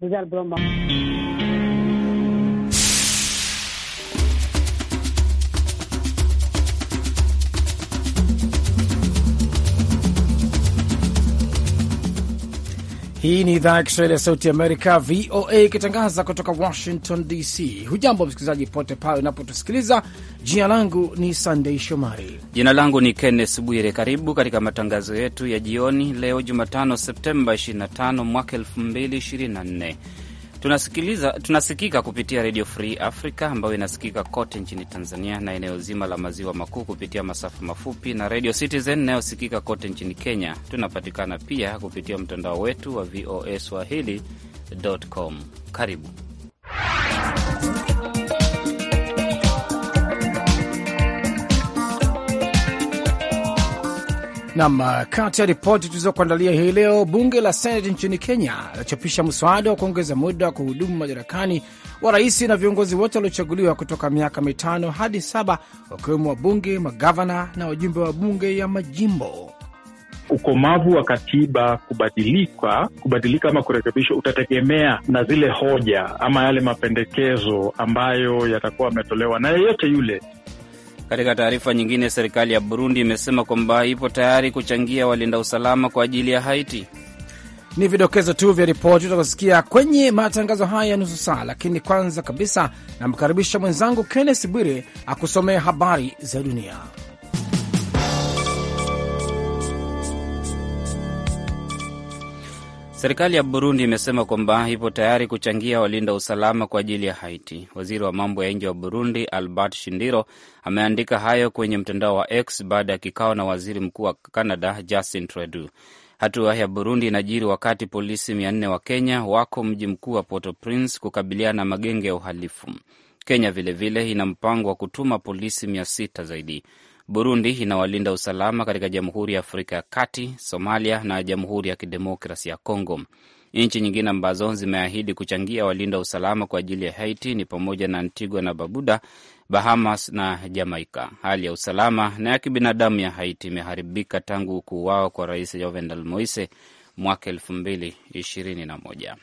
dadaal badan baa Hii ni idhaa ya Kiswahili ya Sauti Amerika, VOA, ikitangaza kutoka Washington DC. Hujambo msikilizaji pote pale unapotusikiliza. Jina langu ni Sandei Shomari. Jina langu ni Kennes Bwire. Karibu katika matangazo yetu ya jioni leo Jumatano, Septemba 25 mwaka 2024. Tunasikiliza, tunasikika kupitia Radio Free Africa ambayo inasikika kote nchini Tanzania na eneo zima la maziwa makuu kupitia masafa mafupi na Radio Citizen inayosikika kote nchini Kenya. Tunapatikana pia kupitia mtandao wetu wa VOA Swahili.com. Karibu Nam, uh, kati ya ripoti tulizokuandalia hii leo, bunge la Seneti nchini Kenya lachapisha mswada wa kuongeza muda wa kuhudumu madarakani wa rais na viongozi wote waliochaguliwa kutoka miaka mitano hadi saba, wakiwemo wabunge, magavana na wajumbe wa bunge ya majimbo. Ukomavu wa katiba kubadilika kubadilika ama kurekebishwa utategemea na zile hoja ama yale mapendekezo ambayo yatakuwa yametolewa na yeyote yule katika taarifa nyingine, serikali ya Burundi imesema kwamba ipo tayari kuchangia walinda usalama kwa ajili ya Haiti. Ni vidokezo tu vya ripoti utakosikia kwenye matangazo haya ya nusu saa, lakini kwanza kabisa namkaribisha mwenzangu kennes Bwire akusomea habari za dunia. Serikali ya Burundi imesema kwamba ipo tayari kuchangia walinda usalama kwa ajili ya Haiti. Waziri wa mambo ya nje wa Burundi, Albert Shindiro, ameandika hayo kwenye mtandao wa X baada ya kikao na waziri mkuu wa Canada, Justin Trudeau. Hatua ya Burundi inajiri wakati polisi mia nne wa Kenya wako mji mkuu wa Port au Prince kukabiliana na magenge ya uhalifu. Kenya vilevile vile ina mpango wa kutuma polisi mia sita zaidi. Burundi inawalinda usalama katika Jamhuri ya Afrika ya Kati, Somalia na Jamhuri ya Kidemokrasi ya congo Nchi nyingine ambazo zimeahidi kuchangia walinda usalama kwa ajili ya Haiti ni pamoja na Antigua na Babuda, Bahamas na Jamaika. Hali ya usalama na ya kibinadamu ya Haiti imeharibika tangu kuuawa kwa Rais Jovenel Moise mwaka elfu mbili ishirini na moja.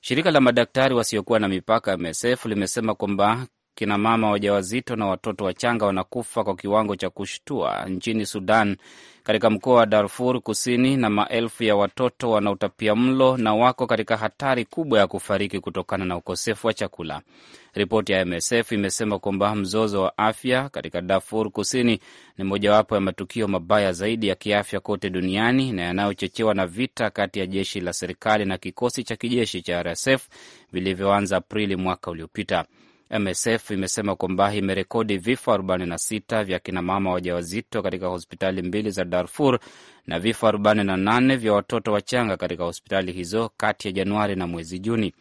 Shirika la madaktari wasiokuwa na mipaka MSF limesema kwamba kina mama wajawazito na watoto wachanga wanakufa kwa kiwango cha kushtua nchini Sudan, katika mkoa wa Darfur Kusini, na maelfu ya watoto wanaotapia mlo na wako katika hatari kubwa ya kufariki kutokana na ukosefu wa chakula. Ripoti ya MSF imesema kwamba mzozo wa afya katika Darfur Kusini ni mojawapo ya matukio mabaya zaidi ya kiafya kote duniani na yanayochechewa na vita kati ya jeshi la serikali na kikosi cha kijeshi cha RSF vilivyoanza Aprili mwaka uliopita. MSF imesema kwamba imerekodi vifo 46 vya kinamama wajawazito katika hospitali mbili za Darfur na vifo 48 vya watoto wachanga katika hospitali hizo kati ya Januari na mwezi Juni.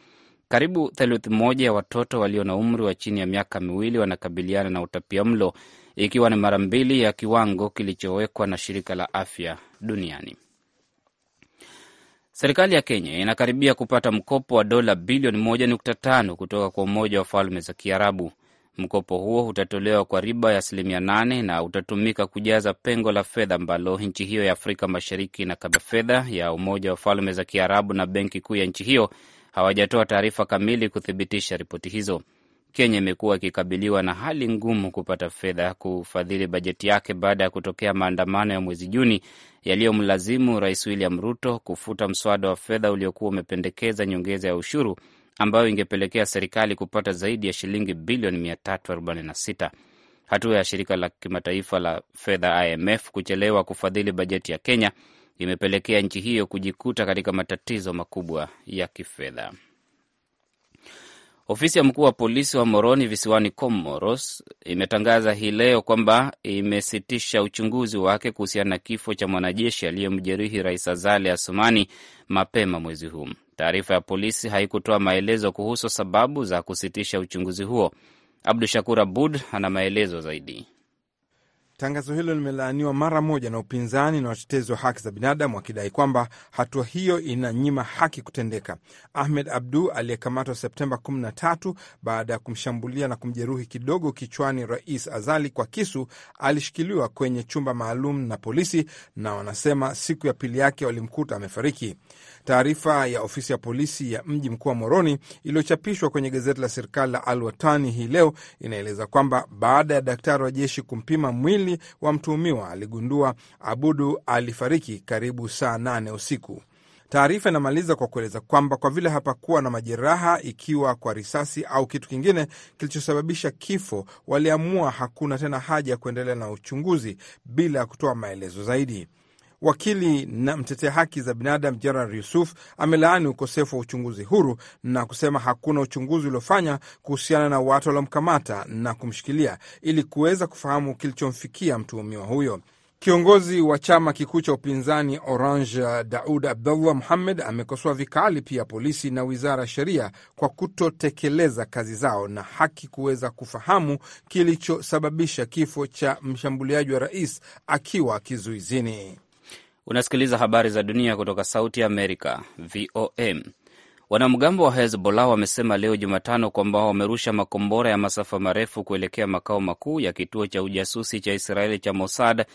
Karibu theluthi moja ya watoto walio na umri wa chini ya miaka miwili wanakabiliana na utapia mlo ikiwa ni mara mbili ya kiwango kilichowekwa na shirika la afya duniani. Serikali ya Kenya inakaribia kupata mkopo wa dola bilioni 1.5 kutoka kwa Umoja wa Falme za Kiarabu. Mkopo huo utatolewa kwa riba ya asilimia 8 na utatumika kujaza pengo la fedha ambalo nchi hiyo ya Afrika Mashariki na inakaba. Fedha ya Umoja wa Falme za Kiarabu na Benki Kuu ya nchi hiyo hawajatoa taarifa kamili kuthibitisha ripoti hizo. Kenya imekuwa ikikabiliwa na hali ngumu kupata fedha kufadhili bajeti yake baada ya kutokea maandamano ya mwezi Juni yaliyomlazimu Rais William Ruto kufuta mswada wa fedha uliokuwa umependekeza nyongeza ya ushuru ambayo ingepelekea serikali kupata zaidi ya shilingi bilioni 346. Hatua ya shirika la kimataifa la fedha IMF kuchelewa kufadhili bajeti ya Kenya imepelekea nchi hiyo kujikuta katika matatizo makubwa ya kifedha. Ofisi ya mkuu wa polisi wa Moroni visiwani Comoros imetangaza hii leo kwamba imesitisha uchunguzi wake kuhusiana na kifo cha mwanajeshi aliyemjeruhi Rais Azali Asumani mapema mwezi huu. Taarifa ya polisi haikutoa maelezo kuhusu sababu za kusitisha uchunguzi huo. Abdu Shakur Abud ana maelezo zaidi. Tangazo hilo limelaaniwa mara moja na upinzani na watetezi wa haki za binadamu wakidai kwamba hatua hiyo inanyima haki kutendeka. Ahmed Abdu aliyekamatwa Septemba 13 baada ya kumshambulia na kumjeruhi kidogo kichwani Rais Azali kwa kisu alishikiliwa kwenye chumba maalum na polisi, na wanasema siku ya pili yake walimkuta amefariki. Taarifa ya ofisi ya polisi ya mji mkuu wa Moroni iliyochapishwa kwenye gazeti la serikali la Al Watani hii leo inaeleza kwamba baada ya daktari wa jeshi kumpima mwili wa mtuhumiwa aligundua Abudu alifariki karibu saa nane usiku. Taarifa inamaliza kwa kueleza kwamba kwa vile hapakuwa na majeraha, ikiwa kwa risasi au kitu kingine kilichosababisha kifo, waliamua hakuna tena haja ya kuendelea na uchunguzi bila ya kutoa maelezo zaidi. Wakili na mtetea haki za binadamu Gerard Yusuf amelaani ukosefu wa uchunguzi huru na kusema hakuna uchunguzi uliofanya kuhusiana na watu waliomkamata na kumshikilia ili kuweza kufahamu kilichomfikia mtuhumiwa huyo. Kiongozi wa chama kikuu cha upinzani Orange Daud Abdullah Muhammed amekosoa vikali pia polisi na wizara ya sheria kwa kutotekeleza kazi zao na haki kuweza kufahamu kilichosababisha kifo cha mshambuliaji wa rais akiwa kizuizini. Unasikiliza habari za dunia kutoka Sauti Amerika, VOM. Wanamgambo wa Hezbollah wamesema leo Jumatano kwamba wamerusha makombora ya masafa marefu kuelekea makao makuu ya kituo cha ujasusi cha Israeli cha Mossad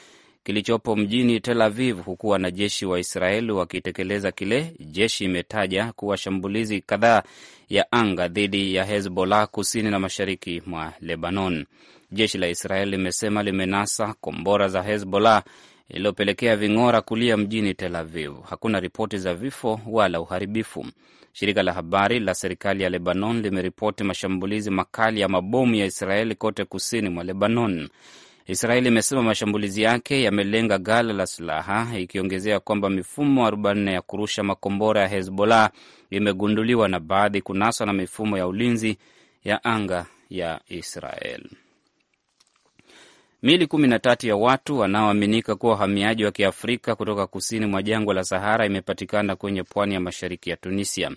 kilichopo mjini Tel Aviv, huku wanajeshi wa Israeli wakitekeleza kile jeshi imetaja kuwa shambulizi kadhaa ya anga dhidi ya Hezbollah kusini na mashariki mwa Lebanon. Jeshi la Israeli limesema limenasa kombora za Hezbollah lililopelekea ving'ora kulia mjini Tel Aviv. Hakuna ripoti za vifo wala uharibifu. Shirika la habari la serikali ya Lebanon limeripoti mashambulizi makali ya mabomu ya Israeli kote kusini mwa Lebanon. Israeli imesema mashambulizi yake yamelenga ghala la silaha, ikiongezea kwamba mifumo 44 ya kurusha makombora ya Hezbollah imegunduliwa na baadhi kunaswa na mifumo ya ulinzi ya anga ya Israel. Miili kumi na tatu ya watu wanaoaminika kuwa wahamiaji wa kiafrika kutoka kusini mwa jangwa la Sahara imepatikana kwenye pwani ya mashariki ya Tunisia.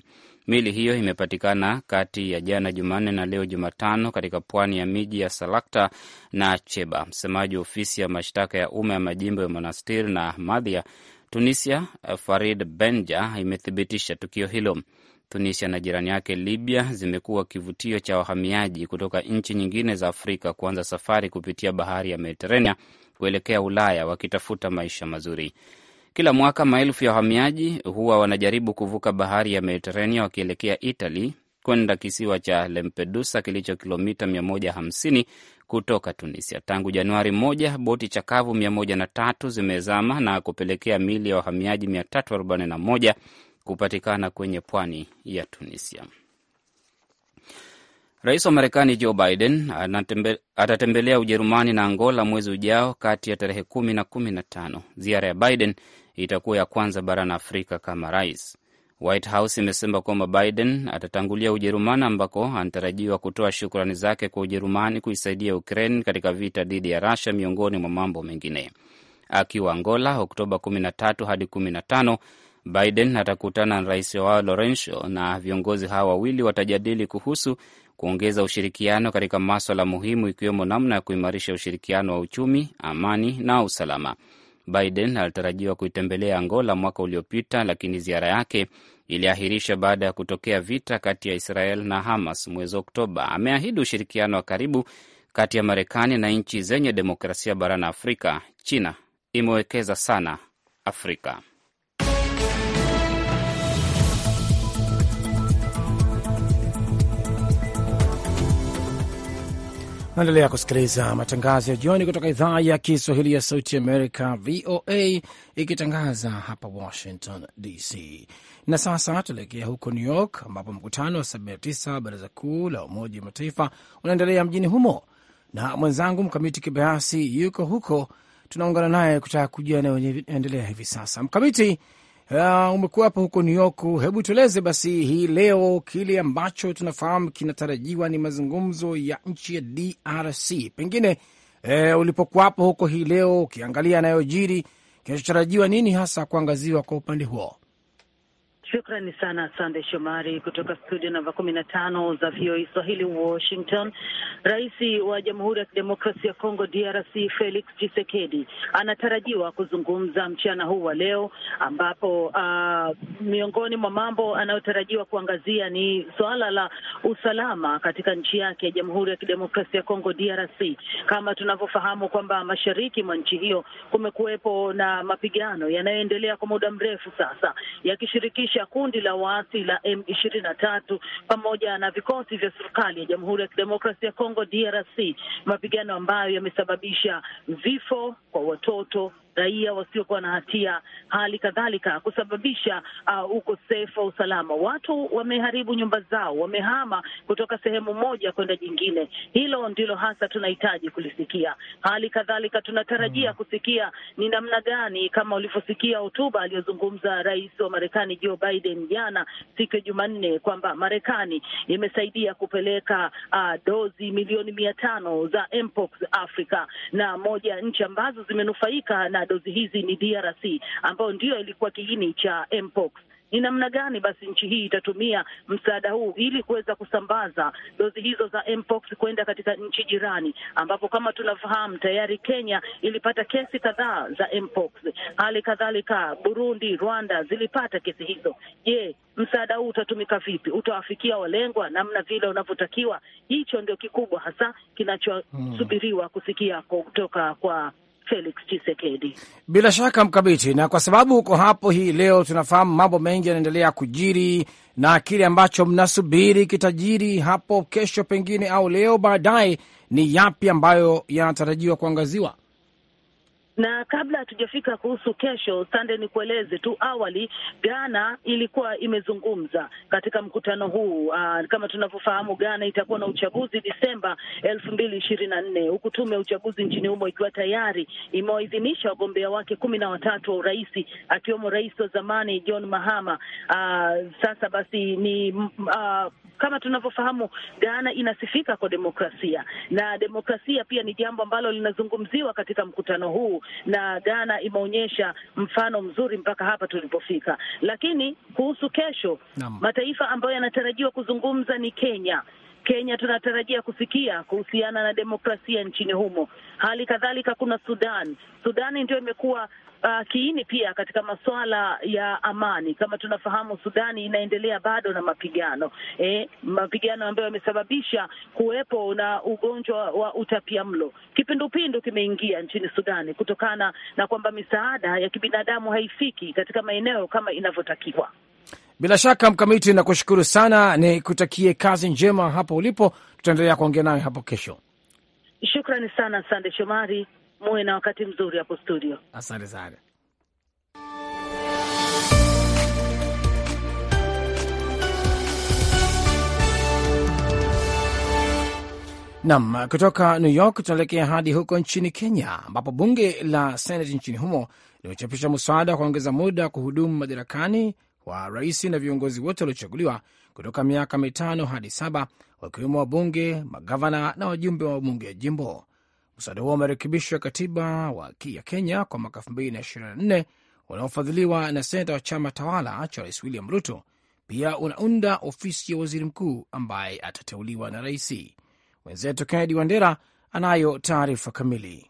Miili hiyo imepatikana kati ya jana Jumanne na leo Jumatano katika pwani ya miji ya Salakta na Cheba. Msemaji wa ofisi ya mashtaka ya umma ya majimbo ya Monastir na madhia Tunisia, Farid Benja, imethibitisha tukio hilo. Tunisia na jirani yake Libya zimekuwa kivutio cha wahamiaji kutoka nchi nyingine za Afrika kuanza safari kupitia bahari ya Mediterania kuelekea Ulaya wakitafuta maisha mazuri. Kila mwaka maelfu ya wahamiaji huwa wanajaribu kuvuka bahari ya Mediterania wakielekea Italy kwenda kisiwa cha Lampedusa kilicho kilomita 150 kutoka Tunisia. Tangu Januari moja, boti chakavu 103 zimezama na kupelekea mili ya wahamiaji 341 kupatikana kwenye pwani ya Tunisia. Rais wa Marekani Joe Biden anatembe, atatembelea Ujerumani na Angola mwezi ujao kati ya tarehe kumi na kumi na tano. Ziara ya Biden itakuwa ya kwanza barani Afrika kama rais. White House imesema kwamba Biden atatangulia Ujerumani ambako anatarajiwa kutoa shukrani zake kwa Ujerumani kuisaidia Ukraine katika vita dhidi ya Russia, miongoni mwa mambo mengine. Akiwa Angola Oktoba 13 hadi Biden atakutana na rais wao Lorenzo na viongozi hawa wawili watajadili kuhusu kuongeza ushirikiano katika maswala muhimu ikiwemo namna ya kuimarisha ushirikiano wa uchumi, amani na usalama. Biden alitarajiwa kuitembelea Angola mwaka uliopita, lakini ziara yake iliahirisha baada ya kutokea vita kati ya Israel na Hamas mwezi Oktoba. Ameahidi ushirikiano wa karibu kati ya Marekani na nchi zenye demokrasia barani Afrika. China imewekeza sana Afrika. Naendelea kusikiliza matangazo ya jioni kutoka idhaa ya Kiswahili ya Sauti Amerika, VOA, ikitangaza hapa Washington DC. Na sasa tuelekea huko New York, ambapo mkutano wa 79 Baraza Kuu la Umoja wa Mataifa unaendelea mjini humo, na mwenzangu Mkamiti Kibayasi yuko huko, tunaungana naye kutaka kujua anayoendelea hivi sasa. Mkamiti, Uh, umekuwa hapo huko New York, hebu tueleze basi hii leo kile ambacho tunafahamu kinatarajiwa ni mazungumzo ya nchi ya DRC. Pengine eh, ulipokuwapo huko hii leo ukiangalia anayojiri, kinachotarajiwa nini hasa kuangaziwa kwa upande huo? Shukrani sana Sande Shomari kutoka studio namba kumi na tano za VOA e Swahili, Washington. Rais wa Jamhuri ya Kidemokrasia ya Kongo DRC Felix chisekedi anatarajiwa kuzungumza mchana huu wa leo, ambapo uh, miongoni mwa mambo anayotarajiwa kuangazia ni suala la usalama katika nchi yake ya Jamhuri ya Kidemokrasia ya Kongo DRC. Kama tunavyofahamu kwamba mashariki mwa nchi hiyo kumekuwepo na mapigano yanayoendelea kwa muda mrefu sasa yakishirikisha cha kundi la waasi la M23 pamoja na vikosi vya serikali ya Jamhuri ya Kidemokrasia ya Kongo DRC, mapigano ambayo yamesababisha vifo kwa watoto raia wasiokuwa na hatia, hali kadhalika kusababisha uh, ukosefu wa usalama. Watu wameharibu nyumba zao, wamehama kutoka sehemu moja kwenda jingine. Hilo ndilo hasa tunahitaji kulisikia. Hali kadhalika tunatarajia mm, kusikia ni namna gani, kama ulivyosikia hotuba aliyozungumza rais wa Marekani Joe Biden jana siku ya Jumanne kwamba Marekani imesaidia kupeleka uh, dozi milioni mia tano za mpox Afrika na moja nchi ambazo zimenufaika na dozi hizi ni DRC ambayo ndiyo ilikuwa kiini cha mpox ni namna gani basi nchi hii itatumia msaada huu ili kuweza kusambaza dozi hizo za mpox kwenda katika nchi jirani, ambapo kama tunafahamu tayari Kenya ilipata kesi kadhaa za mpox, hali kadhalika Burundi, Rwanda zilipata kesi hizo. Je, msaada huu utatumika vipi? Utawafikia walengwa namna vile unavyotakiwa? Hicho ndio kikubwa hasa kinachosubiriwa kusikia kutoka kwa Felix Chisekedi. Bila shaka Mkabiti, na kwa sababu huko hapo hii leo tunafahamu mambo mengi yanaendelea kujiri na kile ambacho mnasubiri kitajiri hapo kesho pengine au leo baadaye, ni yapi ambayo yanatarajiwa kuangaziwa? Na kabla hatujafika kuhusu kesho, Sande, ni kueleze tu, awali Ghana ilikuwa imezungumza katika mkutano huu. Aa, ah, kama tunavyofahamu Ghana itakuwa na uchaguzi Disemba elfu mbili ishirini na nne huku tume ya uchaguzi nchini humo ikiwa tayari imewaidhinisha wagombea wake kumi na watatu wa urais akiwemo rais wa zamani John Mahama. Aa, ah, sasa basi ni aa, ah, kama tunavyofahamu Ghana inasifika kwa demokrasia na demokrasia pia ni jambo ambalo linazungumziwa katika mkutano huu na Ghana imeonyesha mfano mzuri mpaka hapa tulipofika. Lakini kuhusu kesho, mataifa ambayo yanatarajiwa kuzungumza ni Kenya, Kenya tunatarajia kusikia kuhusiana na demokrasia nchini humo. Hali kadhalika kuna Sudan. Sudani ndio imekuwa Uh, kiini pia katika masuala ya amani. Kama tunafahamu, Sudani inaendelea bado na mapigano eh, mapigano ambayo yamesababisha kuwepo na ugonjwa wa utapiamlo. Kipindupindu kimeingia nchini Sudani kutokana na kwamba misaada ya kibinadamu haifiki katika maeneo kama inavyotakiwa. Bila shaka Mkamiti, nakushukuru sana, ni kutakie kazi njema hapo ulipo. Tutaendelea kuongea nawe hapo kesho. Shukrani sana, Sande Shomari. Muwe na wakati mzuri hapo studio. Asante sana. Nam, kutoka New York tunaelekea hadi huko nchini Kenya, ambapo bunge la senati nchini humo limechapisha mswada wa kuongeza muda wa kuhudumu madarakani wa rais na viongozi wote waliochaguliwa kutoka miaka mitano hadi saba, wakiwemo wabunge, magavana na wajumbe wa bunge ya jimbo. Mswada huo wa marekebisho ya katiba wa ya Kenya kwa mwaka 2024 unaofadhiliwa na seneta wa chama tawala cha rais William Ruto pia unaunda ofisi ya waziri mkuu ambaye atateuliwa na raisi. Mwenzetu Kennedy Wandera anayo taarifa kamili.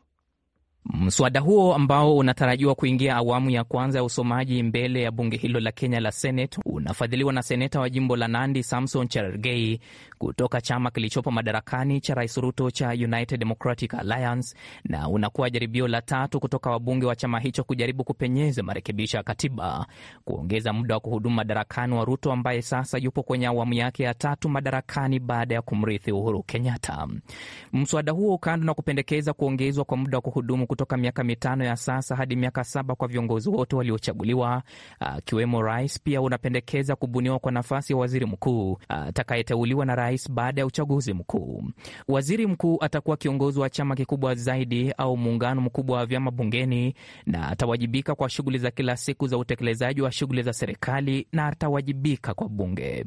Mswada huo ambao unatarajiwa kuingia awamu ya kwanza ya usomaji mbele ya bunge hilo la Kenya la Senate unafadhiliwa na seneta wa jimbo la Nandi Samson Cherargei kutoka chama kilichopo madarakani cha Rais Ruto cha United Democratic Alliance na unakuwa jaribio la tatu kutoka wabunge wa chama hicho kujaribu kupenyeza marekebisho ya katiba kuongeza muda wa kuhudumu madarakani wa Ruto ambaye sasa yupo kwenye awamu yake ya tatu madarakani baada ya kumrithi Uhuru Kenyatta. Mswada huo kando na kupendekeza kuongezwa kwa muda wa kuhudumu kutoka miaka mitano ya sasa hadi miaka saba kwa viongozi wote waliochaguliwa, akiwemo rais. Pia unapendekeza kubuniwa kwa nafasi ya waziri mkuu atakayeteuliwa na rais baada ya uchaguzi mkuu. Waziri mkuu atakuwa kiongozi wa chama kikubwa zaidi au muungano mkubwa wa vyama bungeni, na atawajibika kwa shughuli za kila siku za utekelezaji wa shughuli za serikali na atawajibika kwa bunge.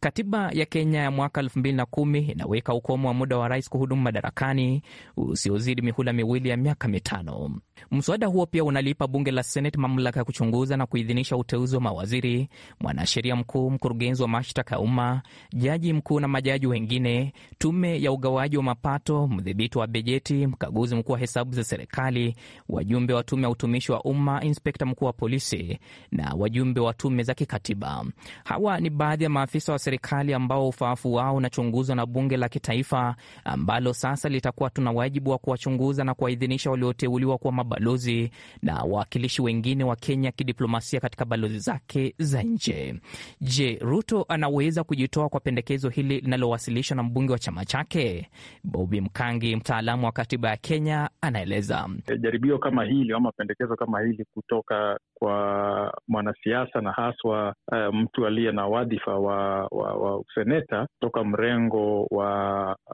Katiba ya Kenya ya mwaka elfu mbili na kumi inaweka ukomo wa muda wa rais kuhudumu madarakani usiozidi mihula miwili ya miaka mitano. Channel. Mswada huo pia unalipa bunge la Seneti mamlaka ya kuchunguza na kuidhinisha uteuzi wa mawaziri, mwanasheria mkuu, mkurugenzi wa mashtaka ya umma, jaji mkuu na majaji wengine, tume ya ugawaji wa mapato, mdhibiti wa bajeti, mkaguzi mkuu wa hesabu za serikali, wajumbe wa tume ya utumishi wa umma, inspekta mkuu wa polisi na wajumbe wa tume za kikatiba. Hawa ni baadhi ya maafisa wa serikali ambao ufaafu wao unachunguzwa na bunge la kitaifa ambalo sasa litakuwa tuna wajibu wa kuwachunguza na kuwaidhinisha walioteuliwa kuwa mabalozi na wawakilishi wengine wa Kenya kidiplomasia katika balozi zake za nje. Je, Ruto anaweza kujitoa kwa pendekezo hili linalowasilishwa na mbunge wa chama chake? Bobi Mkangi, mtaalamu wa katiba ya Kenya, anaeleza eh, jaribio kama hili ama pendekezo kama hili kutoka kwa mwanasiasa na haswa uh, mtu aliye na wadhifa wa, wa, wa useneta kutoka mrengo wa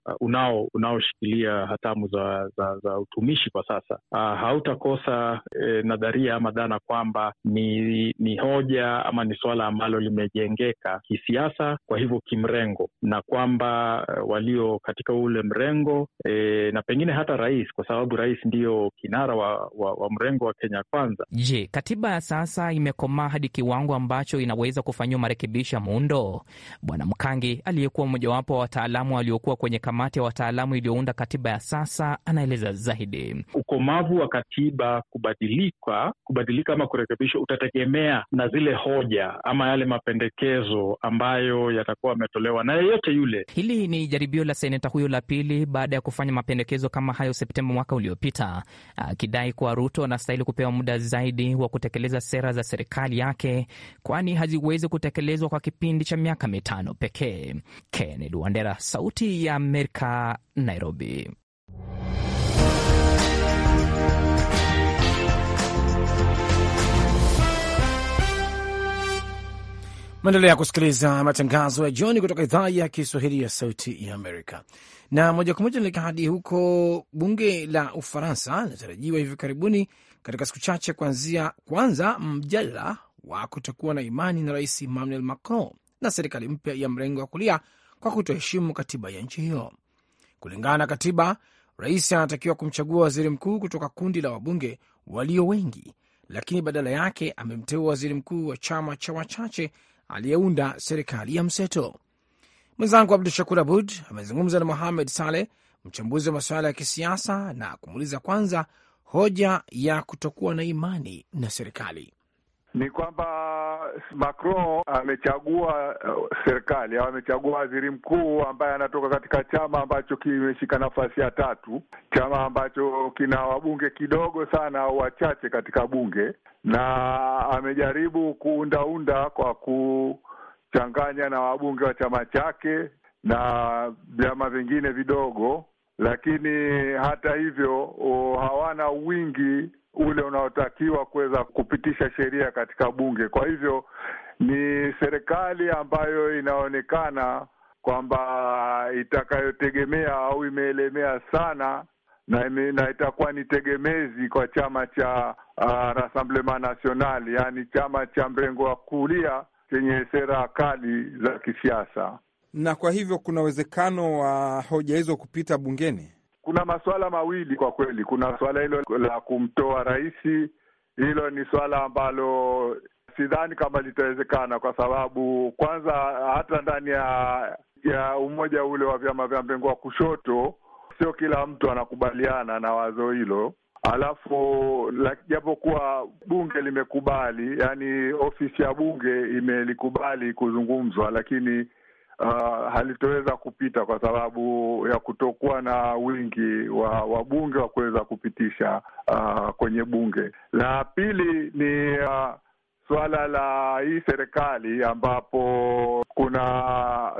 uh, unao unaoshikilia hatamu za, za, za utumishi kwa sasa uh, hautakosa eh, nadharia ama dhana kwamba ni, ni hoja ama ni suala ambalo limejengeka kisiasa, kwa hivyo kimrengo, na kwamba uh, walio katika ule mrengo eh, na pengine hata rais, kwa sababu rais ndiyo kinara wa, wa, wa mrengo wa Kenya Kwanza. Je, katiba sasa imekomaa hadi kiwango ambacho inaweza kufanyiwa marekebisho ya muundo? Bwana Mkangi aliyekuwa mmojawapo wa wataalamu waliokuwa kwenye kamati ya wataalamu iliyounda katiba ya sasa anaeleza zaidi. Ukomavu wa katiba kubadilika, kubadilika ama kurekebishwa utategemea na zile hoja ama yale mapendekezo ambayo yatakuwa ametolewa na yeyote yule. Hili ni jaribio la seneta huyo la pili baada ya kufanya mapendekezo kama hayo Septemba mwaka uliopita, akidai kuwa Ruto anastahili kupewa muda zaidi wa kutekeleza kutekeleza sera za serikali yake, kwani haziwezi kutekelezwa kwa kipindi cha miaka mitano pekee. Kennedy Wandera, Sauti ya Amerika, Nairobi. Maendelea kusikiliza matangazo ya jioni kutoka idhaa ya Kiswahili ya Sauti ya Amerika. Na moja kwa moja hadi huko, bunge la Ufaransa linatarajiwa hivi karibuni katika siku chache kuanzia kwanza mjadala wa kutokuwa na imani na Rais Emmanuel Macron na serikali mpya ya mrengo wa kulia kwa kutoheshimu katiba ya nchi hiyo. Kulingana na katiba, rais anatakiwa kumchagua waziri mkuu kutoka kundi la wabunge walio wengi, lakini badala yake amemteua waziri mkuu wa chama cha wachache aliyeunda serikali ya mseto. Mwenzangu Abdu Shakur Abud amezungumza na Mohamed Saleh, mchambuzi wa masuala ya kisiasa, na kumuuliza kwanza hoja ya kutokuwa na imani na serikali ni kwamba Macron amechagua uh, serikali au amechagua waziri mkuu ambaye anatoka katika chama ambacho kimeshika nafasi ya tatu, chama ambacho kina wabunge kidogo sana au wachache katika bunge, na amejaribu kuundaunda kwa kuchanganya na wabunge wa chama chake na vyama vingine vidogo lakini hata hivyo uh, hawana wingi ule unaotakiwa kuweza kupitisha sheria katika bunge. Kwa hivyo ni serikali ambayo inaonekana kwamba itakayotegemea au imeelemea sana na, na itakuwa ni tegemezi kwa chama cha uh, Rassemblement National, yaani chama cha mrengo wa kulia chenye sera kali za kisiasa na kwa hivyo kuna uwezekano wa hoja hizo kupita bungeni. Kuna masuala mawili kwa kweli, kuna suala hilo la kumtoa rais. Hilo ni suala ambalo sidhani kama litawezekana, kwa sababu kwanza hata ndani ya ya umoja ule wa vyama vya mrengo wa kushoto sio kila mtu anakubaliana na wazo hilo. Alafu japokuwa bunge limekubali, yani ofisi ya bunge imelikubali kuzungumzwa, lakini uh, halitoweza kupita kwa sababu ya kutokuwa na wingi wa wabunge wa kuweza kupitisha uh, kwenye bunge. La pili ni uh, ah, suala la hii serikali ambapo kuna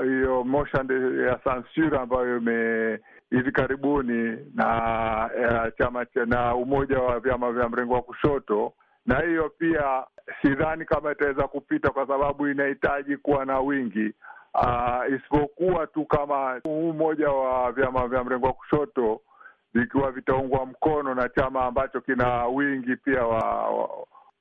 hiyo motion ya sansure ambayo ime hivi karibuni na uh, chama na umoja wa vyama vya mrengo wa kushoto, na hiyo pia sidhani kama itaweza kupita kwa sababu inahitaji kuwa na wingi uh, isipokuwa tu kama huu mmoja wa vyama vya mrengo wa kushoto vikiwa vitaungwa mkono na chama ambacho kina wingi pia wa, wa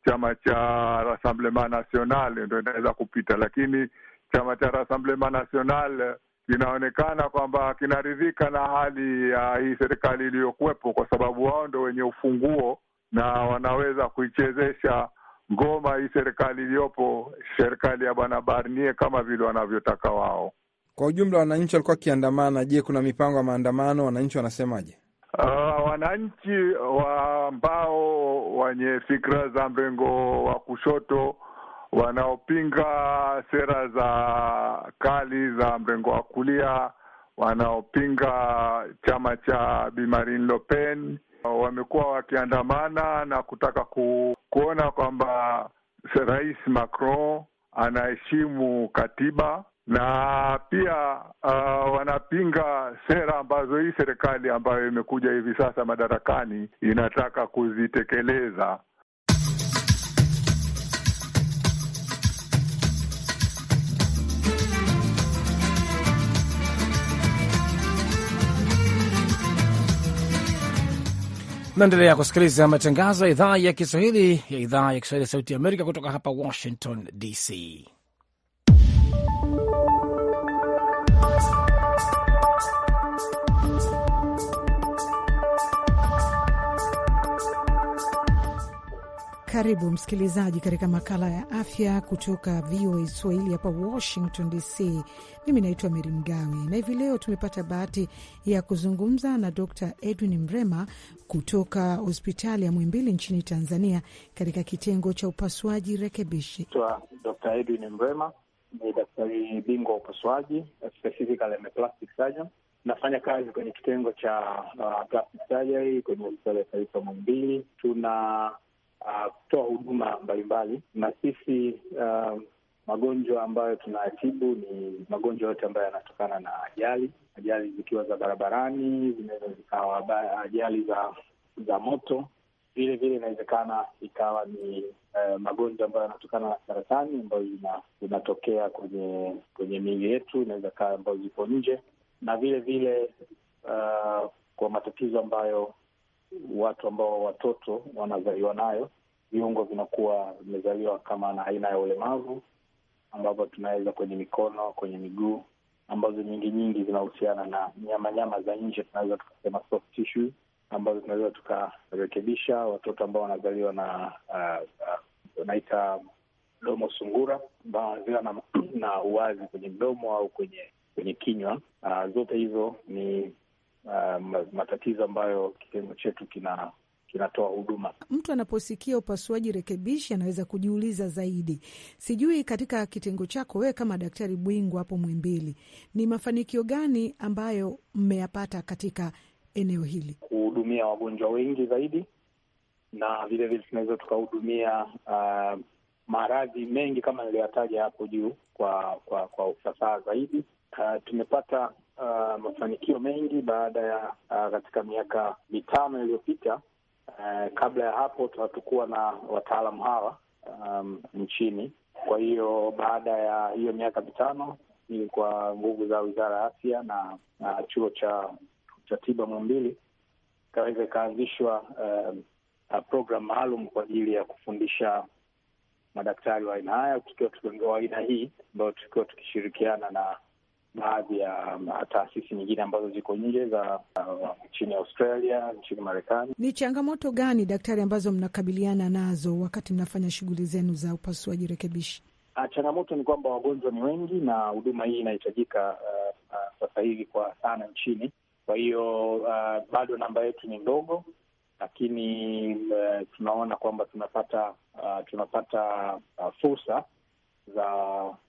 chama cha Rassemblement National ndo inaweza kupita, lakini chama cha Rassemblement National kinaonekana kwamba kinaridhika na hali ya uh, hii serikali iliyokuwepo, kwa sababu wao ndo wenye ufunguo na wanaweza kuichezesha ngoma hii serikali iliyopo, serikali ya bwana Barnier kama vile wanavyotaka wao. Kwa ujumla, wananchi walikuwa wakiandamana. Je, kuna mipango ya maandamano? Wananchi wanasemaje? Uh, wananchi ambao wa wenye fikra za mrengo wa kushoto wanaopinga sera za kali za mrengo wa kulia, wanaopinga chama cha Bi Marine Le Pen wamekuwa wakiandamana na kutaka ku kuona kwamba Rais Macron anaheshimu katiba na pia uh, wanapinga sera ambazo hii serikali ambayo imekuja hivi sasa madarakani inataka kuzitekeleza. Naendelea kusikiliza matangazo ya idhaa ya Kiswahili ya idhaa ya Kiswahili ya Sauti ya Amerika kutoka hapa Washington DC. Karibu msikilizaji katika makala ya afya kutoka VOA Swahili hapa Washington DC. Mimi naitwa Meri Mgawe na hivi leo tumepata bahati ya kuzungumza na Dr Edwin Mrema kutoka hospitali ya Mwimbili nchini Tanzania, katika kitengo cha upasuaji rekebishi. Dr Edwin Mrema ni daktari bingwa wa upasuaji, specifically plastic surgeon. Nafanya kazi kwenye kitengo cha uh, plastic surgery kwenye hospitali ya taifa Mwimbili. tuna Uh, kutoa uh, huduma mbalimbali, na sisi uh, magonjwa ambayo tunayatibu ni magonjwa yote ambayo yanatokana na ajali, ajali zikiwa za barabarani, zinaweza zikawa ajali za za moto vile vile inawezekana ikawa ni uh, magonjwa ambayo yanatokana na saratani ambayo inatokea kwenye kwenye miili yetu, inaweza kaa ambayo zipo nje, na vile vile uh, kwa matatizo ambayo watu ambao watoto wanazaliwa nayo, viungo vinakuwa vimezaliwa kama na aina ya ulemavu, ambavyo tunaweza kwenye mikono, kwenye miguu, ambazo nyingi nyingi zinahusiana na nyama nyama za nje, tunaweza tukasema soft tissue, ambazo tunaweza tukarekebisha watoto ambao wanazaliwa na unaita uh, uh, mdomo sungura ambao wanazaliwa na, na uwazi kwenye mdomo au kwenye kwenye kinywa. Uh, zote hizo ni uh, matatizo ambayo kitengo chetu kina kinatoa huduma. Mtu anaposikia upasuaji rekebishi anaweza kujiuliza zaidi. Sijui katika kitengo chako wewe kama Daktari Bwingwa hapo Mwimbili, ni mafanikio gani ambayo mmeyapata katika eneo hili? Kuhudumia wagonjwa wengi zaidi, na vilevile tunaweza tukahudumia uh, maradhi mengi kama niliyoyataja hapo juu kwa kwa, kwa ufasaha zaidi. Uh, tumepata uh, mafanikio mengi baada ya uh, katika miaka mitano iliyopita. Uh, kabla ya hapo hatukuwa na wataalamu hawa um, nchini. Kwa hiyo baada ya hiyo miaka mitano ni kwa nguvu za Wizara ya Afya na, na chuo cha cha tiba Muhimbili ikaweza ikaanzishwa um, programu maalum kwa ajili ya kufundisha madaktari wa aina haya tukiwa tukiwa aina hii ambayo tukiwa tukishirikiana na baadhi ya um, taasisi nyingine ambazo ziko nje za uh, nchini Australia, nchini Marekani. Ni changamoto gani daktari, ambazo mnakabiliana nazo wakati mnafanya shughuli zenu za upasuaji rekebishi? Ah, changamoto ni kwamba wagonjwa ni wengi na huduma hii inahitajika uh, uh, sasa hivi kwa sana nchini. Kwa hiyo uh, bado namba yetu ni ndogo, lakini uh, tunaona kwamba tunapata uh, tunapata uh, fursa za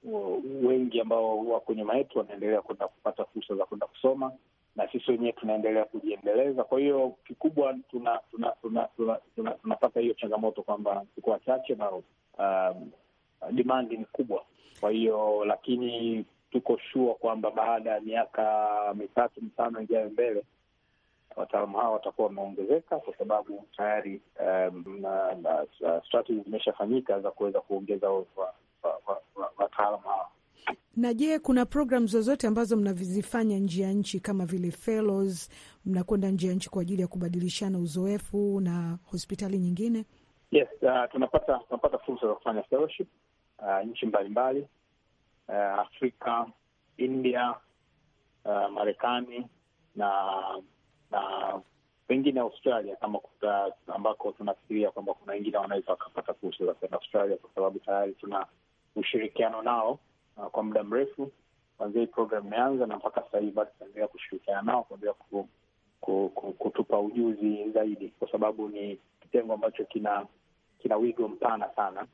uh, wengi ambao wako nyuma yetu wanaendelea kwenda kupata fursa za kwenda kusoma na sisi wenyewe tunaendelea kujiendeleza. Kwa hiyo kikubwa tunapata tuna, tuna, tuna, tuna, tuna, tuna hiyo changamoto kwamba tuko wachache na um, dimandi ni kubwa. Kwa hiyo lakini tuko shua kwamba baada ya miaka mitatu mitano ijayo mbele wataalamu hawa watakuwa wameongezeka kwa sababu tayari um, strategy zimeshafanyika za kuweza kuongeza wataalam hawa. Na je, kuna programu zozote ambazo mnazifanya nje ya nchi kama vile fellows, mnakwenda nje ya nchi kwa ajili ya kubadilishana uzoefu na hospitali nyingine? Yes, uh, tunapata tunapata fursa za kufanya fellowship uh, nchi mbalimbali uh, Afrika, India, uh, Marekani na na pengine Australia kama kuta, ambako tunafikiria kwamba kuna wengine wanaweza wakapata fursa za kwenda Australia kwa sababu tayari tuna ushirikiano nao uh, kwa muda mrefu kwanzia hii programu imeanza na mpaka sasa hivi bado tunaendelea kushirikiana nao kuendelea ku, ku, ku, kutupa ujuzi zaidi, kwa sababu ni kitengo ambacho kina kina wigo mpana sana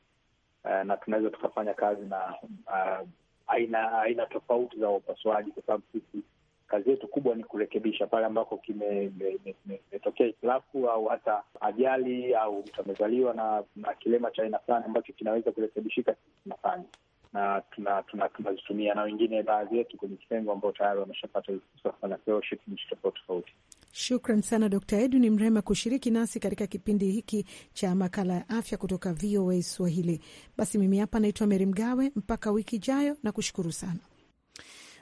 uh, na tunaweza tukafanya kazi na uh, aina aina tofauti za upasuaji, kwa sababu sisi kazi yetu kubwa ni kurekebisha pale ambako kimetokea hitilafu au hata ajali au mtu amezaliwa na, na kilema cha aina fulani ambacho kinaweza kurekebishika, tunafanya na tunazitumia tuna, tuna, tuna na wengine baadhi yetu kwenye kitengo ambao tayari wameshapata nchi tofauti tofauti. Shukran sana Dr. Edwin Mrema kushiriki nasi katika kipindi hiki cha makala ya afya kutoka VOA Swahili. Basi mimi hapa naitwa Meri Mgawe, mpaka wiki ijayo, na kushukuru sana.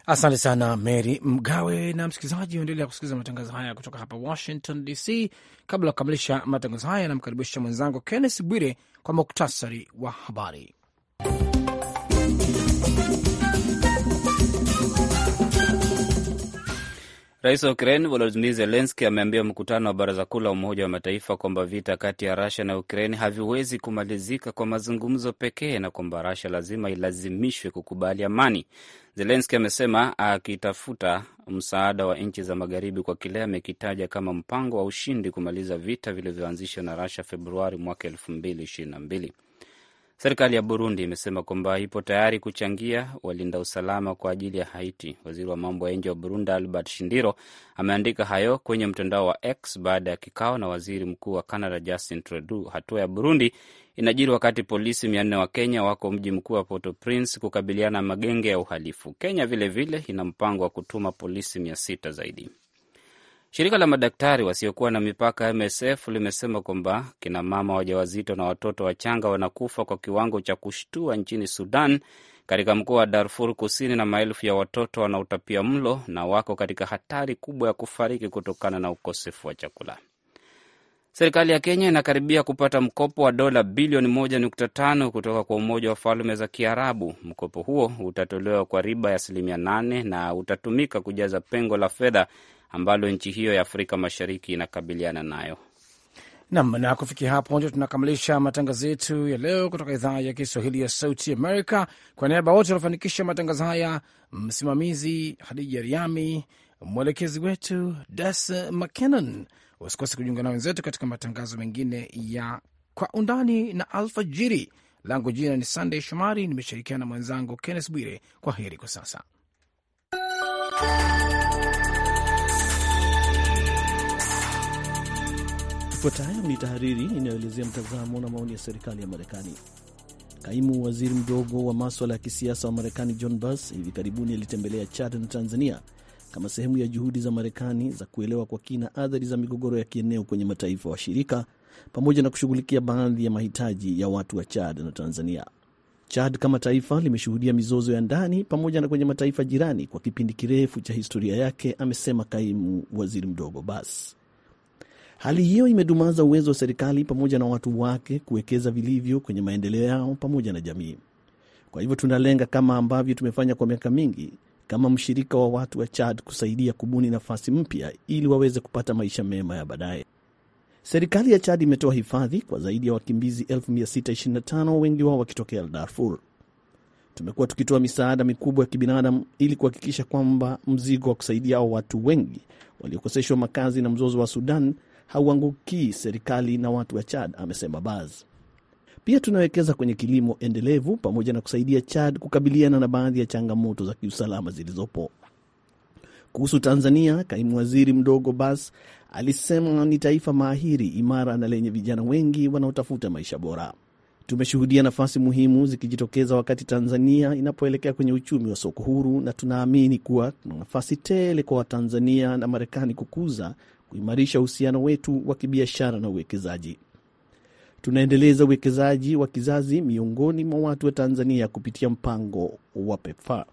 Asante sana Mary Mgawe. Na msikilizaji, unaendelea kusikiliza matangazo haya kutoka hapa Washington DC. Kabla ya kukamilisha matangazo haya, namkaribisha mwenzangu Kenneth Bwire kwa muktasari wa habari. Rais wa Ukraine Volodymyr Zelensky ameambia mkutano wa Baraza Kuu la Umoja wa Mataifa kwamba vita kati ya rasia na Ukraine haviwezi kumalizika kwa mazungumzo pekee na kwamba rasha lazima ilazimishwe kukubali amani. Zelensky amesema akitafuta msaada wa nchi za Magharibi kwa kile amekitaja kama mpango wa ushindi kumaliza vita vilivyoanzishwa na rasha Februari mwaka 2022. Serikali ya Burundi imesema kwamba ipo tayari kuchangia walinda usalama kwa ajili ya Haiti. Waziri wa mambo ya nje wa Burundi, Albert Shindiro, ameandika hayo kwenye mtandao wa X baada ya kikao na waziri mkuu wa Canada, Justin Trudeau. Hatua ya Burundi inajiri wakati polisi mia nne wa Kenya wako mji mkuu wa porto Prince kukabiliana na magenge ya uhalifu. Kenya vilevile vile ina mpango wa kutuma polisi mia sita zaidi. Shirika la madaktari wasiokuwa na mipaka MSF limesema kwamba kina mama wajawazito na watoto wachanga wanakufa kwa kiwango cha kushtua nchini Sudan, katika mkoa wa Darfur Kusini, na maelfu ya watoto wanaotapia mlo na wako katika hatari kubwa ya kufariki kutokana na ukosefu wa chakula. Serikali ya Kenya inakaribia kupata mkopo wa dola bilioni 1.5 kutoka kwa Umoja wa Falme za Kiarabu. Mkopo huo utatolewa kwa riba ya asilimia 8 na utatumika kujaza pengo la fedha ambalo nchi hiyo ya Afrika Mashariki inakabiliana nayo. Nam, na kufikia hapo ndio tunakamilisha matangazo yetu ya leo kutoka idhaa ya Kiswahili ya Sauti Amerika. Kwa niaba wote waliofanikisha matangazo haya, msimamizi Hadija Riami, mwelekezi wetu Das Mckinnon. Usikose kujiunga na wenzetu katika matangazo mengine ya Kwa Undani na Alfajiri. Langu jina ni Sandey Shomari, nimeshirikiana na mwenzangu Kennes Bwire. Kwa heri kwa sasa. Ifuatayo ni tahariri inayoelezea mtazamo na maoni ya serikali ya Marekani. Kaimu waziri mdogo wa maswala ya kisiasa wa Marekani John Bass hivi karibuni alitembelea Chad na Tanzania kama sehemu ya juhudi za Marekani za kuelewa kwa kina athari za migogoro ya kieneo kwenye mataifa washirika pamoja na kushughulikia baadhi ya mahitaji ya watu wa Chad na Tanzania. Chad kama taifa limeshuhudia mizozo ya ndani pamoja na kwenye mataifa jirani kwa kipindi kirefu cha historia yake, amesema kaimu waziri mdogo Bass. Hali hiyo imedumaza uwezo wa serikali pamoja na watu wake kuwekeza vilivyo kwenye maendeleo yao pamoja na jamii. Kwa hivyo tunalenga, kama ambavyo tumefanya kwa miaka mingi, kama mshirika wa watu wa Chad kusaidia kubuni nafasi mpya ili waweze kupata maisha mema ya baadaye. Serikali ya Chad imetoa hifadhi kwa zaidi ya wakimbizi 625,000 wengi wao wakitokea Darfur. Tumekuwa tukitoa misaada mikubwa ya kibinadamu ili kuhakikisha kwamba mzigo wa kusaidia hao watu wengi waliokoseshwa makazi na mzozo wa Sudan hauangukii serikali na watu wa Chad, amesema Baz. Pia tunawekeza kwenye kilimo endelevu pamoja na kusaidia Chad kukabiliana na baadhi ya changamoto za kiusalama zilizopo. Kuhusu Tanzania, kaimu waziri mdogo Bas alisema ni taifa mahiri, imara na lenye vijana wengi wanaotafuta maisha bora. Tumeshuhudia nafasi muhimu zikijitokeza wakati Tanzania inapoelekea kwenye uchumi wa soko huru, na tunaamini kuwa tuna nafasi tele kwa Watanzania na Marekani kukuza kuimarisha uhusiano wetu wa kibiashara na uwekezaji. Tunaendeleza uwekezaji wa kizazi miongoni mwa watu wa Tanzania kupitia mpango wa PEPFAR.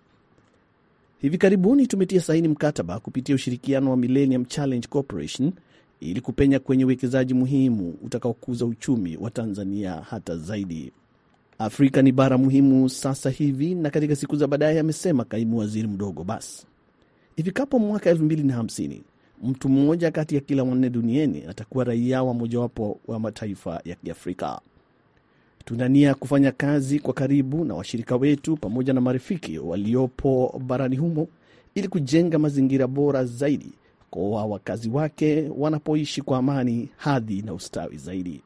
Hivi karibuni tumetia saini mkataba kupitia ushirikiano wa Millennium Challenge Corporation ili kupenya kwenye uwekezaji muhimu utakaokuza uchumi wa Tanzania hata zaidi. Afrika ni bara muhimu sasa hivi na katika siku za baadaye, amesema kaimu waziri mdogo. Basi ifikapo mwaka 2050 mtu mmoja kati ya kila wanne duniani atakuwa raia wa mojawapo wa mataifa ya Kiafrika. Tuna nia kufanya kazi kwa karibu na washirika wetu pamoja na marafiki waliopo barani humo ili kujenga mazingira bora zaidi kwa wakazi wake wanapoishi kwa amani, hadhi na ustawi zaidi.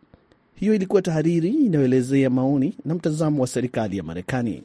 Hiyo ilikuwa tahariri inayoelezea maoni na mtazamo wa serikali ya Marekani.